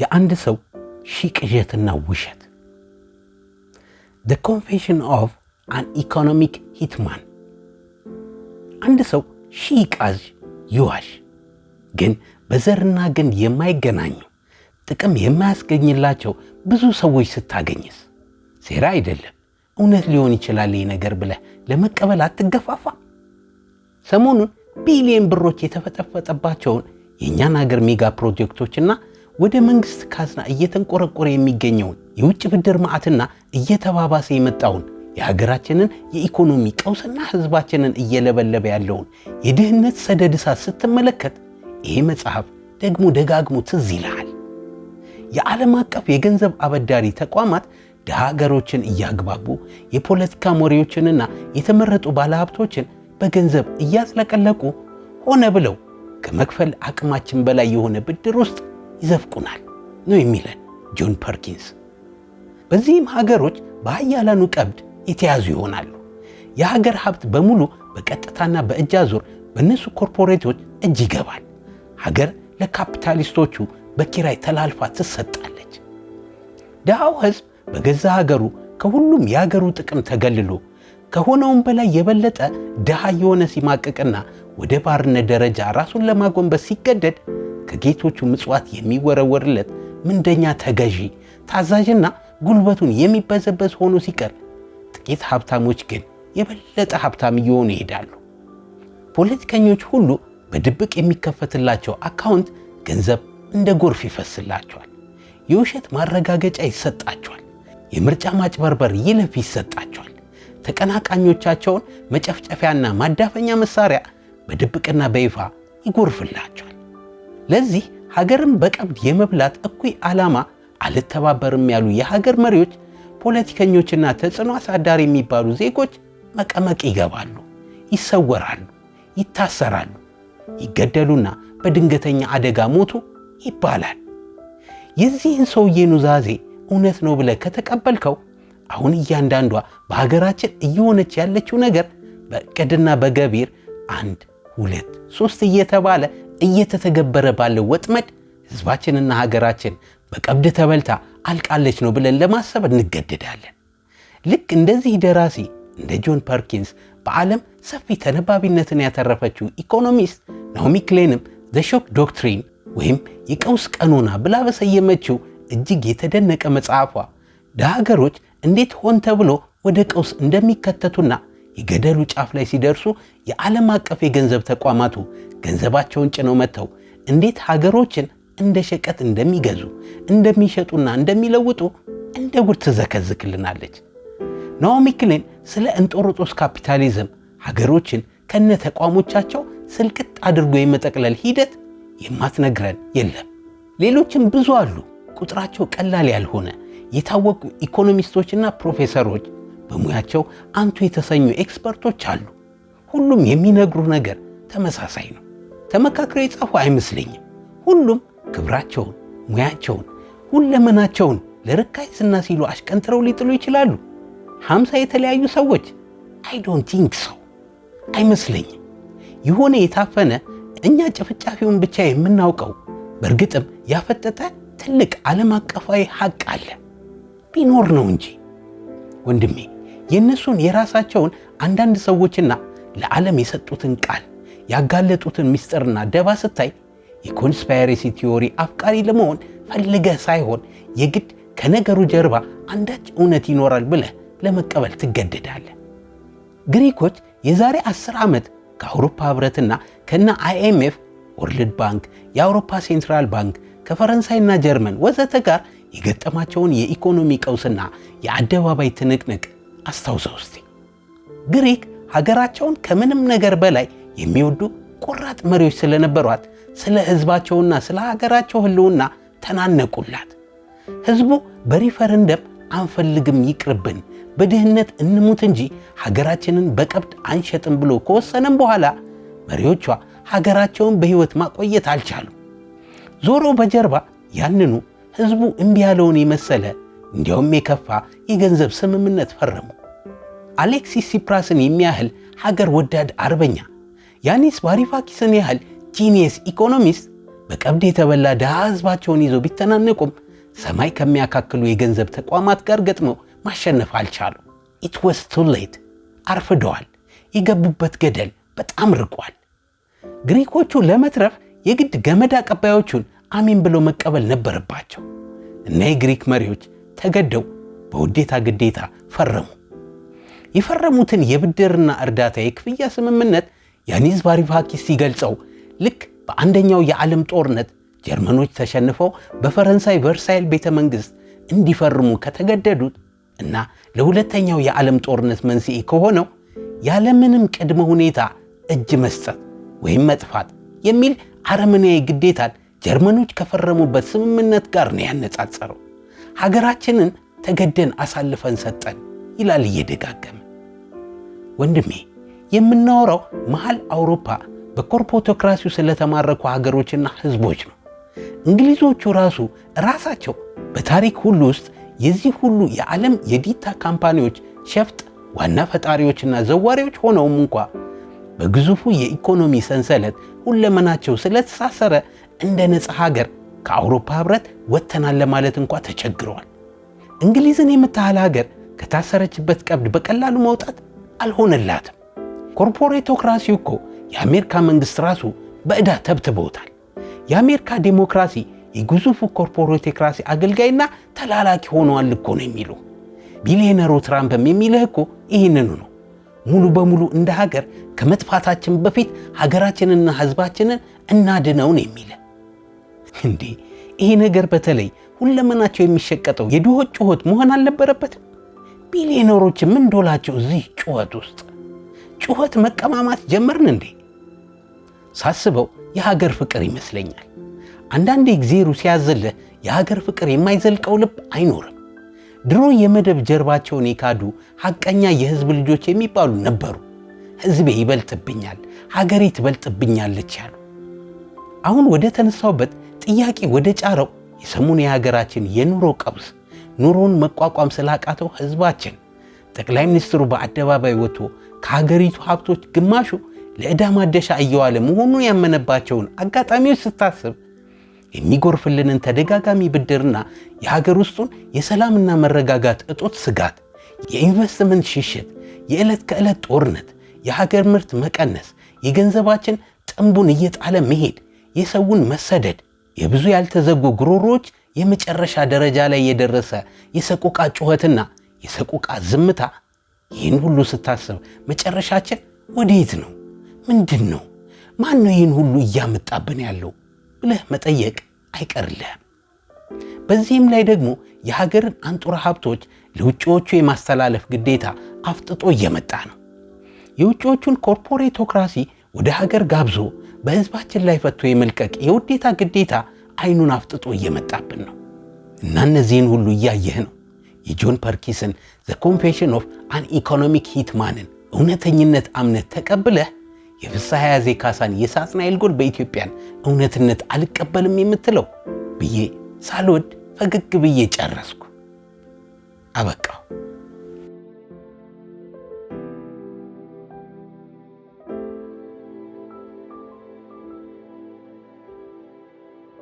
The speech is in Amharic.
የአንድ ሰው ሺህ ቅዠትና ውሸት ዘ ኮንፌሽን ኦፍ አን ኢኮኖሚክ ሂትማን። አንድ ሰው ሺህ ቃዥ ይዋሽ፣ ግን በዘርና ግን የማይገናኙ ጥቅም የማያስገኝላቸው ብዙ ሰዎች ስታገኝስ? ሴራ አይደለም እውነት ሊሆን ይችላል ይህ ነገር ብለህ ለመቀበል አትገፋፋ። ሰሞኑን ቢሊየን ብሮች የተፈጠፈጠባቸውን የእኛን ሀገር ሜጋ ፕሮጀክቶችና ወደ መንግሥት ካዝና እየተንቆረቆረ የሚገኘውን የውጭ ብድር ማዕትና እየተባባሰ የመጣውን የሀገራችንን የኢኮኖሚ ቀውስና ሕዝባችንን እየለበለበ ያለውን የድህነት ሰደድ እሳት ስትመለከት ይሄ መጽሐፍ ደግሞ ደጋግሞ ትዝ ይልሃል። የዓለም አቀፍ የገንዘብ አበዳሪ ተቋማት ድሃ ሀገሮችን እያግባቡ የፖለቲካ መሪዎችንና የተመረጡ ባለሀብቶችን በገንዘብ እያስለቀለቁ ሆነ ብለው ከመክፈል አቅማችን በላይ የሆነ ብድር ውስጥ ይዘፍቁናል ነው የሚለን ጆን ፐርኪንስ። በዚህም ሀገሮች በአያላኑ ቀብድ የተያዙ ይሆናሉ። የሀገር ሀብት በሙሉ በቀጥታና በእጅ አዙር በእነሱ ኮርፖሬቶች እጅ ይገባል። ሀገር ለካፒታሊስቶቹ በኪራይ ተላልፋ ትሰጣለች። ድሃው ህዝብ በገዛ ሀገሩ ከሁሉም የሀገሩ ጥቅም ተገልሎ ከሆነውም በላይ የበለጠ ድሃ የሆነ ሲማቅቅና ወደ ባርነት ደረጃ ራሱን ለማጎንበስ ሲገደድ ከጌቶቹ ምጽዋት የሚወረወርለት ምንደኛ ተገዢ ታዛዥና ጉልበቱን የሚበዘበዝ ሆኖ ሲቀር፣ ጥቂት ሀብታሞች ግን የበለጠ ሀብታም እየሆኑ ይሄዳሉ። ፖለቲከኞች ሁሉ በድብቅ የሚከፈትላቸው አካውንት ገንዘብ እንደ ጎርፍ ይፈስላቸዋል። የውሸት ማረጋገጫ ይሰጣቸዋል። የምርጫ ማጭበርበር ይለፍ ይሰጣቸዋል። ተቀናቃኞቻቸውን መጨፍጨፊያና ማዳፈኛ መሳሪያ በድብቅና በይፋ ይጎርፍላቸዋል። ለዚህ ሀገርን በቀብ የመብላት እኩይ ዓላማ አልተባበርም ያሉ የሀገር መሪዎች፣ ፖለቲከኞችና ተጽዕኖ አሳዳሪ የሚባሉ ዜጎች መቀመቅ ይገባሉ፣ ይሰወራሉ፣ ይታሰራሉ፣ ይገደሉና በድንገተኛ አደጋ ሞቱ ይባላል። የዚህን ሰውዬ ኑዛዜ እውነት ነው ብለህ ከተቀበልከው አሁን እያንዳንዷ በሀገራችን እየሆነች ያለችው ነገር በእቅድና በገቢር አንድ ሁለት ሶስት እየተባለ እየተተገበረ ባለው ወጥመድ ህዝባችንና ሀገራችን በቀብድ ተበልታ አልቃለች ነው ብለን ለማሰብ እንገደዳለን። ልክ እንደዚህ ደራሲ እንደ ጆን ፐርኪንስ በዓለም ሰፊ ተነባቢነትን ያተረፈችው ኢኮኖሚስት ናኦሚ ክሌንም ዘ ሾክ ዶክትሪን ወይም የቀውስ ቀኖና ብላ በሰየመችው እጅግ የተደነቀ መጽሐፏ ለሀገሮች እንዴት ሆን ተብሎ ወደ ቀውስ እንደሚከተቱና የገደሉ ጫፍ ላይ ሲደርሱ የዓለም አቀፍ የገንዘብ ተቋማቱ ገንዘባቸውን ጭነው መጥተው እንዴት ሀገሮችን እንደ ሸቀጥ እንደሚገዙ እንደሚሸጡና እንደሚለውጡ እንደ ጉድ ትዘከዝክልናለች። ናኦሚ ክሌን ስለ እንጦሮጦስ ካፒታሊዝም ሀገሮችን ከነ ተቋሞቻቸው ስልቅጥ አድርጎ የመጠቅለል ሂደት የማትነግረን የለም። ሌሎችም ብዙ አሉ፣ ቁጥራቸው ቀላል ያልሆነ የታወቁ ኢኮኖሚስቶችና ፕሮፌሰሮች በሙያቸው አንቱ የተሰኙ ኤክስፐርቶች አሉ። ሁሉም የሚነግሩ ነገር ተመሳሳይ ነው። ተመካክረው የጻፉ አይመስለኝም። ሁሉም ክብራቸውን፣ ሙያቸውን፣ ሁለመናቸውን ለርካሽ ዝና ሲሉ አሽቀንጥረው ሊጥሉ ይችላሉ። ሀምሳ የተለያዩ ሰዎች አይ ዶንት ቲንክ ሰው አይመስለኝም። የሆነ የታፈነ እኛ ጭፍጫፊውን ብቻ የምናውቀው በእርግጥም ያፈጠጠ ትልቅ ዓለም አቀፋዊ ሀቅ አለ ቢኖር ነው እንጂ ወንድሜ የእነሱን የራሳቸውን አንዳንድ ሰዎችና ለዓለም የሰጡትን ቃል ያጋለጡትን ምስጢርና ደባ ስታይ የኮንስፓይሬሲ ቲዎሪ አፍቃሪ ለመሆን ፈልገ ሳይሆን የግድ ከነገሩ ጀርባ አንዳች እውነት ይኖራል ብለህ ለመቀበል ትገደዳለህ። ግሪኮች የዛሬ 10 ዓመት ከአውሮፓ ህብረትና ከነ አይኤምኤፍ፣ ወርልድ ባንክ፣ የአውሮፓ ሴንትራል ባንክ ከፈረንሳይና ጀርመን ወዘተ ጋር የገጠማቸውን የኢኮኖሚ ቀውስና የአደባባይ ትንቅንቅ አስታውሰው እስቲ። ግሪክ ሀገራቸውን ከምንም ነገር በላይ የሚወዱ ቆራጥ መሪዎች ስለነበሯት ስለ ሕዝባቸውና ስለ ሀገራቸው ሕልውና ተናነቁላት። ሕዝቡ በሪፈረንደም አንፈልግም ይቅርብን፣ በድህነት እንሙት እንጂ ሀገራችንን በቀብድ አንሸጥም ብሎ ከወሰነም በኋላ መሪዎቿ ሀገራቸውን በሕይወት ማቆየት አልቻሉም። ዞሮ በጀርባ ያንኑ ሕዝቡ እምቢ ያለውን የመሰለ እንዲያውም የከፋ የገንዘብ ስምምነት ፈረሙ። አሌክሲስ ሲፕራስን የሚያህል ሀገር ወዳድ አርበኛ፣ ያኒስ ባሪፋኪስን ያህል ጂኒየስ ኢኮኖሚስት በቀብድ የተበላ ድሃ ህዝባቸውን ይዘው ቢተናነቁም ሰማይ ከሚያካክሉ የገንዘብ ተቋማት ጋር ገጥመው ማሸነፍ አልቻሉ። ኢት ወስ ቱ ሌት። አርፍደዋል። የገቡበት ገደል በጣም ርቋል። ግሪኮቹ ለመትረፍ የግድ ገመድ አቀባዮቹን አሜን ብለው መቀበል ነበረባቸው እና የግሪክ መሪዎች ተገደው በውዴታ ግዴታ ፈረሙ። የፈረሙትን የብድርና እርዳታ የክፍያ ስምምነት ያኒዝ ቫሪፋኪስ ሲገልጸው ልክ በአንደኛው የዓለም ጦርነት ጀርመኖች ተሸንፈው በፈረንሳይ ቨርሳይል ቤተ መንግሥት እንዲፈርሙ ከተገደዱት እና ለሁለተኛው የዓለም ጦርነት መንስኤ ከሆነው ያለምንም ቅድመ ሁኔታ እጅ መስጠት ወይም መጥፋት የሚል አረመኔያዊ ግዴታን ጀርመኖች ከፈረሙበት ስምምነት ጋር ነው ያነጻጸረው። ሀገራችንን ተገደን አሳልፈን ሰጠን ይላል እየደጋገመ ወንድሜ። የምናወራው መሀል አውሮፓ በኮርፖቶክራሲው ስለተማረኩ ሀገሮችና ህዝቦች ነው። እንግሊዞቹ ራሱ ራሳቸው በታሪክ ሁሉ ውስጥ የዚህ ሁሉ የዓለም የዲታ ካምፓኒዎች ሸፍጥ ዋና ፈጣሪዎችና ዘዋሪዎች ሆነውም እንኳ በግዙፉ የኢኮኖሚ ሰንሰለት ሁለመናቸው ስለተሳሰረ እንደ ነፃ ሀገር ከአውሮፓ ህብረት ወጥተናል ለማለት እንኳ ተቸግረዋል። እንግሊዝን የምታህል ሀገር ከታሰረችበት ቀብድ በቀላሉ መውጣት አልሆነላትም። ኮርፖሬቶክራሲው እኮ የአሜሪካ መንግሥት ራሱ በዕዳ ተብትበውታል። የአሜሪካ ዴሞክራሲ የግዙፉ ኮርፖሬቶክራሲ አገልጋይና ተላላኪ ሆነዋል እኮ ነው የሚሉ ቢሊዮነሩ ትራምፕም የሚልህ እኮ ይህንኑ ነው። ሙሉ በሙሉ እንደ ሀገር ከመጥፋታችን በፊት ሀገራችንንና ህዝባችንን እናድነውን የሚልህ እንዴ ይሄ ነገር በተለይ ሁለመናቸው የሚሸቀጠው የድሆች ጩኸት መሆን አልነበረበትም። ቢሊዮነሮች ምን ዶላቸው እዚህ ጩኸት ውስጥ ጩኸት መቀማማት ጀመርን እንዴ? ሳስበው የሀገር ፍቅር ይመስለኛል። አንዳንዴ እግዜሩ ሲያዘልህ የሀገር ፍቅር የማይዘልቀው ልብ አይኖርም። ድሮ የመደብ ጀርባቸውን የካዱ ሐቀኛ የህዝብ ልጆች የሚባሉ ነበሩ። ህዝቤ ይበልጥብኛል፣ ሀገሬ ትበልጥብኛለች ያሉ። አሁን ወደ ተነሳውበት ጥያቄ ወደ ጫረው የሰሞኑ የሀገራችን የኑሮ ቀውስ ኑሮን መቋቋም ስላቃተው ህዝባችን ጠቅላይ ሚኒስትሩ በአደባባይ ወጥቶ ከሀገሪቱ ሀብቶች ግማሹ ለዕዳ ማደሻ እየዋለ መሆኑን ያመነባቸውን አጋጣሚዎች ስታስብ የሚጎርፍልንን ተደጋጋሚ ብድርና የሀገር ውስጡን የሰላምና መረጋጋት እጦት ስጋት፣ የኢንቨስትመንት ሽሽት፣ የዕለት ከዕለት ጦርነት፣ የሀገር ምርት መቀነስ፣ የገንዘባችን ጥንቡን እየጣለ መሄድ፣ የሰውን መሰደድ የብዙ ያልተዘጉ ጉሮሮች የመጨረሻ ደረጃ ላይ የደረሰ የሰቆቃ ጩኸትና የሰቆቃ ዝምታ። ይህን ሁሉ ስታስብ መጨረሻችን ወዴት ነው? ምንድን ነው? ማን ነው ይህን ሁሉ እያመጣብን ያለው ብለህ መጠየቅ አይቀርልህም። በዚህም ላይ ደግሞ የሀገርን አንጡራ ሀብቶች ለውጭዎቹ የማስተላለፍ ግዴታ አፍጥጦ እየመጣ ነው። የውጭዎቹን ኮርፖሬቶክራሲ ወደ ሀገር ጋብዞ በህዝባችን ላይ ፈቶ የመልቀቅ የውዴታ ግዴታ አይኑን አፍጥጦ እየመጣብን ነው እና እነዚህን ሁሉ እያየህ ነው የጆን ፐርኪስን ዘ ኮንፌሽን ኦፍ አን ኢኮኖሚክ ሂትማንን እውነተኝነት አምነት ተቀብለህ የፍስሐ ያዜ ካሳን የሳጽናኤል ጎል በኢትዮጵያን እውነትነት አልቀበልም የምትለው ብዬ ሳልወድ ፈገግ ብዬ ጨረስኩ። አበቃው።